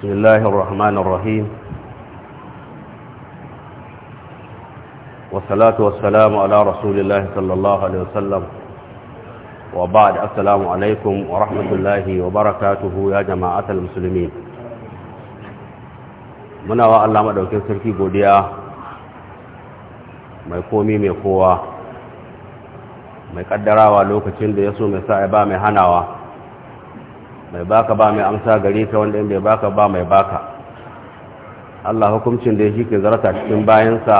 بسم الله الرحمن الرحيم والصلاة والسلام على رسول الله صلى الله عليه وسلم وبعد السلام عليكم ورحمة الله وبركاته يا جماعة المسلمين muna wa Allah madaukin sarki godiya mai komi mai kowa mai kaddarawa lokacin da ya so mai sa'a ba mai hanawa mai baka ba mai amsa gare ka wanda mai baka ba mai baka Allah hukuncin da shi ke zarata cikin bayansa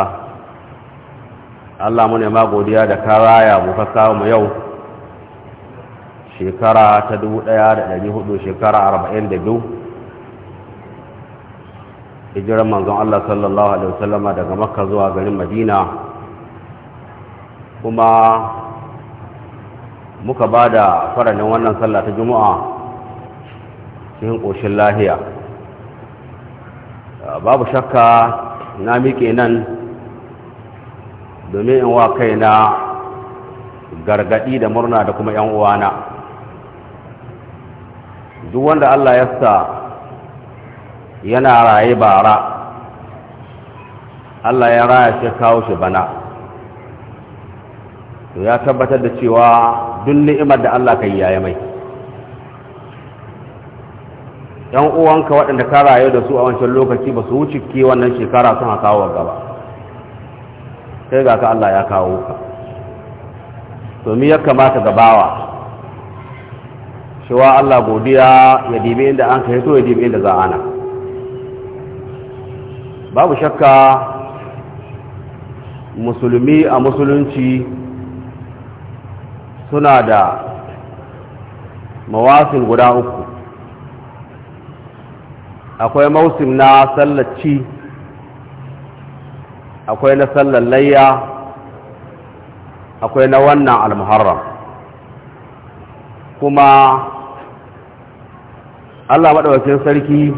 Allah mu ne ma godiya da ka raya mu ka kawo mu yau shekara ta 1400 shekara 42 hijirar manzon Allah sallallahu alaihi wasallama daga makka zuwa garin madina kuma muka ba da faranin wannan sallah ta juma'a cikin ƙoshin lahiya ah, babu shakka na miƙe nan domin in wa na gargaɗi da murna da kuma 'yan uwana duk wanda Allah ya sa yana raye bara Allah ya raya shi kawo shi bana to ya tabbatar da cewa duk ni'imar da Allah kai yaya mai yan uwanka waɗanda ka rayu da su a wancan lokaci ba su wuce ke wannan shekara suna kawo gaba sai ga ka Allah ya kawo ka domin ya kamata gabawa cewa Allah godiya ya dibe inda an ka hito ya dibe inda za ana babu shakka musulmi a musulunci suna da mawasin guda uku akwai mausim na sallaci akwai na sallar layya akwai na wannan almuharram kuma Allah maɗaukakin sarki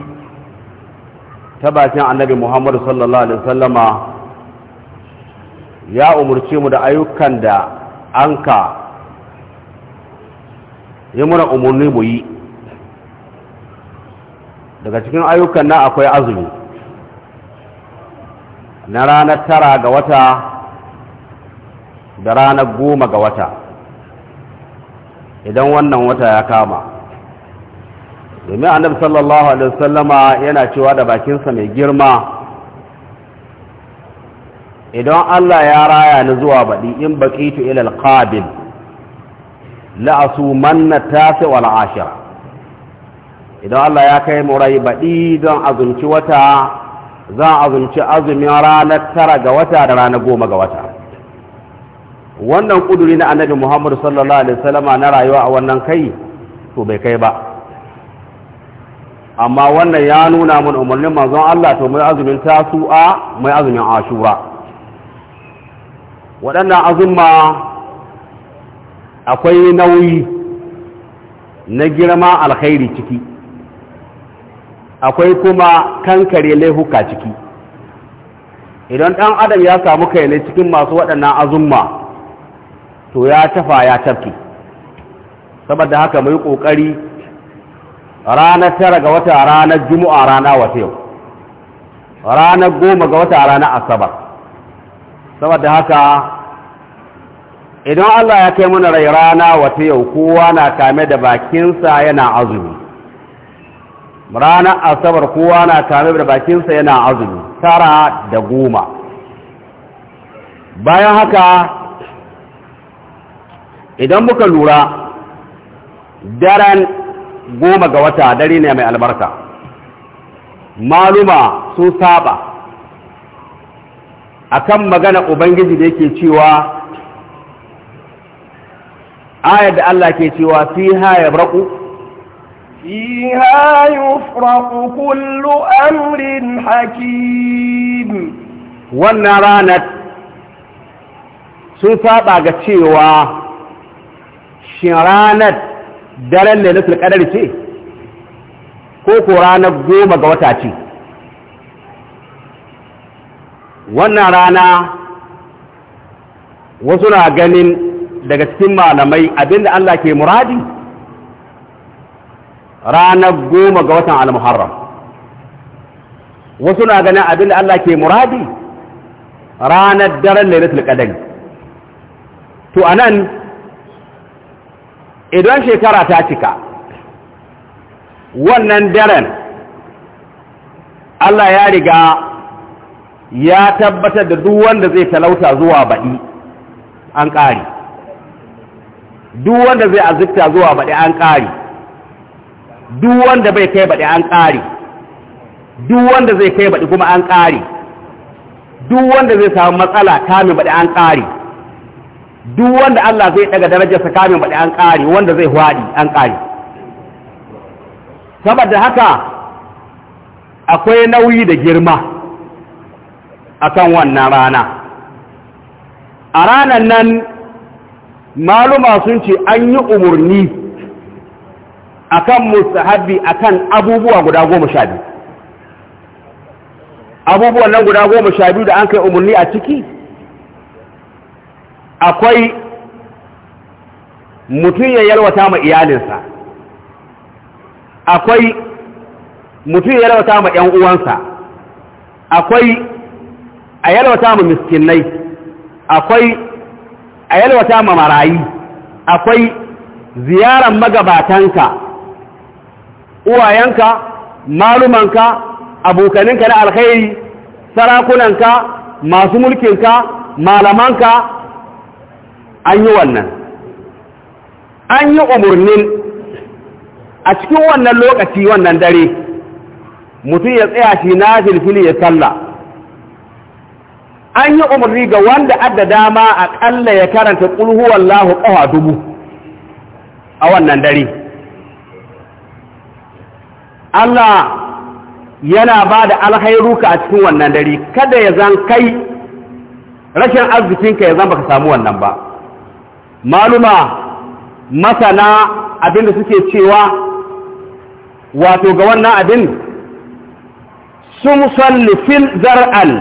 ta bakin annabi Muhammadu sallallahu alaihi wasallama ya umarci mu da ayyukan da an ka yi muna umarni mu yi daga cikin ayyukan nan akwai azumi na ranar tara ga wata da ranar goma ga wata idan wannan wata ya kama domin annabi sallallahu alaihi wasallama yana cewa da bakinsa mai girma idan Allah ya raya ni zuwa baɗi in tu ila alqabil la'asu manna tasi wal ashira idan Allah ya kai mu rai baɗi don azunci wata za a azumci azumin ranar tara ga wata da ranar goma ga wata wannan kuduri na annabi muhammadu sallallahu alaihi wasallama na rayuwa a wannan kai to bai kai ba amma wannan ya nuna mun umarnin manzon Allah to mai azumin tasu'a mai azumin ashura waɗannan azumma akwai nauyi na girma alkhairi ciki akwai kuma kankare laihuka ciki idan ɗan adam ya samu kai ne cikin masu waɗannan azumma to ya tafa ya tafki saboda haka mai ƙoƙari ranar tara ga wata ranar juma'a rana wata yau ranar goma ga wata rana asabar saboda haka idan Allah ya kai mana rai rana wata yau kowa na kame da bakinsa yana azumi ranar asabar kowa na kame da bakinsa yana azumi tara da goma bayan haka idan muka lura daren goma ga wata dare ne mai albarka maluma sun saba akan magana ubangiji da yake cewa ayar da Allah ke cewa fi haya ya braku فيها يفرق كل أمر حكيم wannan ranar sun faɗa ga cewa shin ranar daren lailatul ce ko ko ranar goma ga wata ce wannan rana wasu na ganin daga cikin malamai abinda Allah ke muradi ranar goma ga watan al-muharram wasu na ganin abin da Allah ke muradi ranar daren lailatul qadari to anan idan shekara ta cika wannan daren Allah ya riga ya tabbatar da duk wanda zai talauta zuwa baɗi an ƙari duk wanda zai azikta zuwa baɗi an ƙari duk wanda bai kai baɗi an ƙari duk wanda zai kai baɗi kuma an ƙari duk wanda zai samu matsala kamin baɗi an ƙari duk wanda Allah zai ɗaga darajarsa kamin baɗi an ƙari wanda zai hwaɗi an ƙari saboda haka akwai nauyi da girma akan wannan rana a ranar nan maluma sun ce an yi umarni akan mustahabbi akan abubuwa guda goma sha biyu abubuwan nan guda goma sha biyu da an kai umarni a ciki akwai mutum ya yalwata ma iyalinsa akwai mutum ya yalwata ma ‘yan uwansa akwai a yalwata ma miskinai akwai a yalwata ma marayi akwai ziyarar magabatanka uwayenka malumanka abokaninka na alkhairi sarakunanka masu mulkinka malamanka an yi wannan an yi umarnin a cikin wannan lokaci wannan dare mutum ya tsaya shi na filfili ya salla an yi umarni ga wanda adda dama aƙalla ya karanta ƙulhuwallahu ƙawa dubu a wannan dare Allah yana ba da alhairuka a cikin wannan dare kada ya zan kai rashin arzikinka ya zan baka samu wannan ba maluma masana abinda suke cewa wato ga wannan abin sun sallifin zar'al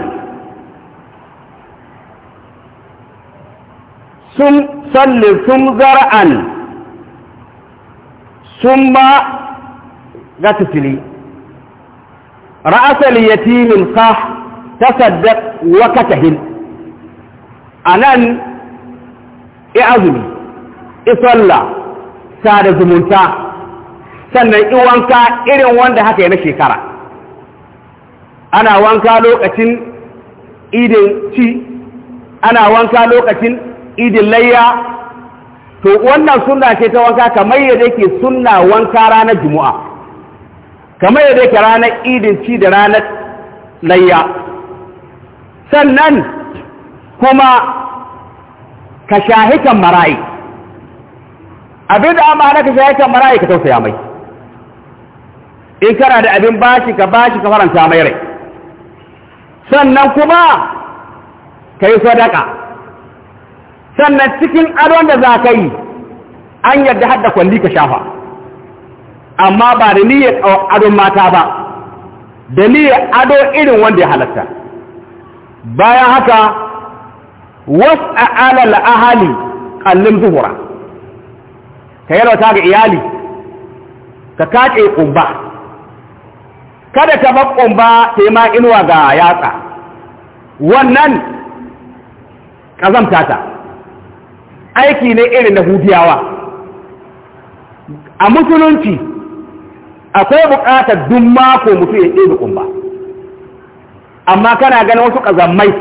sun sallifin zar'al sun ba قتتلي رأس اليتيم القاح تصدق وكتهل أنان إعظمي sa sada zumunta sannan iwanka wanka irin wanda haka ya na shekara ana wanka lokacin idin ci ana wanka lokacin idin layya to wannan sunna ce ta wanka kamar yadda yake sunna wanka ranar juma'a kamar yadda yake ranar idin ci da ranar layya sannan kuma ka shahikan marayi abin da amma ka shahikan marayi ka tausaya mai in kana da abin bashi ka bashi ka faranta mai rai sannan kuma ka yi sadaka sannan cikin adon da za ka yi an yadda hadda kwalli ka shafa amma ba da niyyar adon mata ba da niyyar ado irin wanda ya halatta bayan haka wasu alal ahali kallin zuhura ka rauta ga iyali ka kaƙe ƙumba kada ta ba ƙumba ta ma inuwa ga yatsa wannan ƙazamtata. aiki ne irin na hudiyawa a musulunci akwai buƙatar duk mako mutu ya ɗebe ƙumba amma kana ganin wasu ƙazammai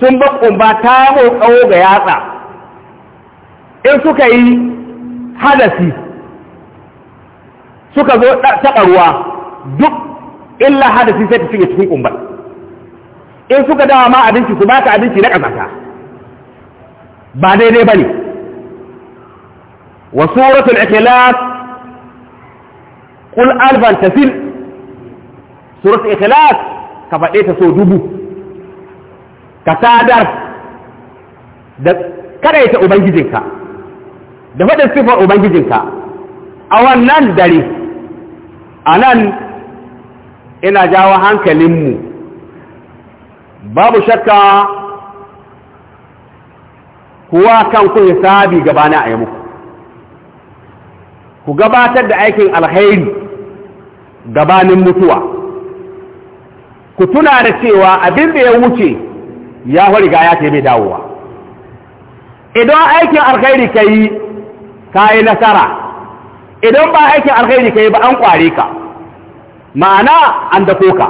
sun ba ƙumba ta ƙawo ga yatsa in suka yi hadasi suka zo taɓa ruwa duk illa hadasi sai ta shiga cikin ƙumbar in suka dawa ma abinci su baka abinci na ƙazanta ba daidai ba ne wasu wasu ikhlas kul alban tafil surat ikhlas ka faɗe ta so dubu ka sadar da kadaita ubangijinka da faɗin sifar ubangijinka a wannan dare a nan ina jawo hankalinmu babu shakka kuwa kan ku hisabi gabana a yi ku gabatar da aikin alkhairi gabanin mutuwa ku tuna da cewa abin da ya wuce ya riga ya ce mai dawowa idan aikin alkhairi ka yi ka yi nasara idan ba aikin alkhairi ka yi ba an kware ka ma'ana an dako ka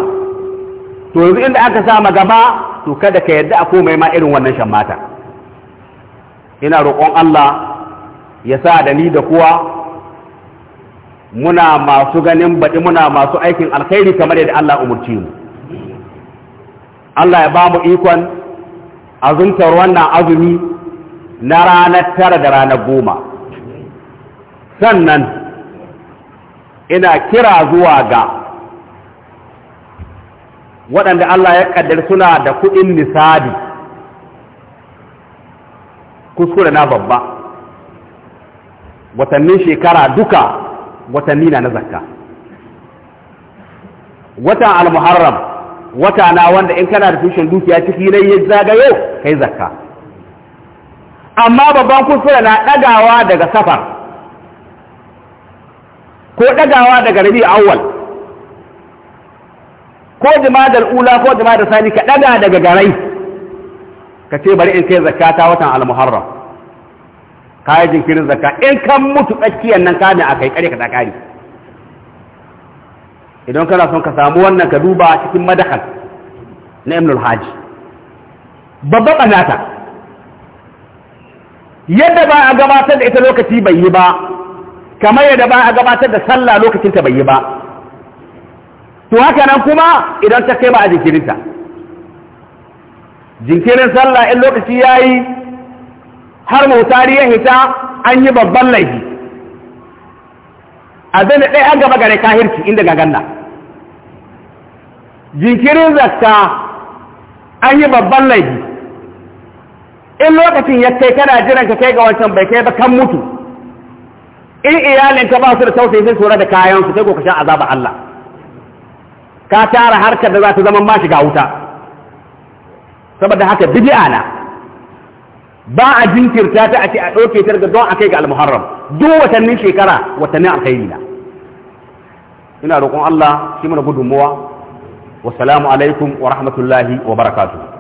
to yanzu inda aka sama gaba to kada ka yadda a komai ma irin wannan shan mata ina roƙon Allah ya sa da ni da kuwa muna masu ganin baɗi muna masu aikin alkhairi kamar yadda Allah umurci mu Allah ya ba mu ikon azumtar wannan azumi na ranar tara da ranar goma sannan ina kira zuwa ga waɗanda Allah ya ƙaddar suna da kuɗin misali kuskure na babba watannin shekara duka watanni na zakka wata al-muharram wata na wanda in kana da tushen dukiya ciki ne ya zagayo kai zakka amma babban kuskure na dagawa daga safar ko dagawa daga rabi awwal ko jimadar ula ko jimadar sani ka daga daga garai ka ce bari in kai zakkata watan al-muharram kayan jinkirin zakka in kan mutu tsakiyar nan kame a kai kare ka ta kare idan kana son ka samu wannan ka duba cikin madakal na ibnul haji Babba ɓanata yadda ba a gabatar da ita lokaci bai yi ba kamar yadda ba a gabatar da sallah lokacinta bai yi ba to haka nan kuma idan ta kai ba a jinkirinta jinkirin sallah in lokaci yayi har mutari ya hita an yi babban laifi abin da ɗaya an gaba gare kahirci inda gaganna jinkirin zakka an yi babban laifi in lokacin ya kai kana jiran ka kai ga wancan bai kai ba kan mutu in iyalinka ba su da tausayi sai tsoro da su sai ka sha azaba Allah ka tara harkar da za ta zama ma shiga wuta saboda haka bid'a na ba a jinkirta ta a ce a ɗauke ta daga don a kai ga almuharram duk watannin shekara watannin alkhairi na ina roƙon Allah shi mana gudunmuwa wa salamu alaikum wa rahmatullahi wa barakatuh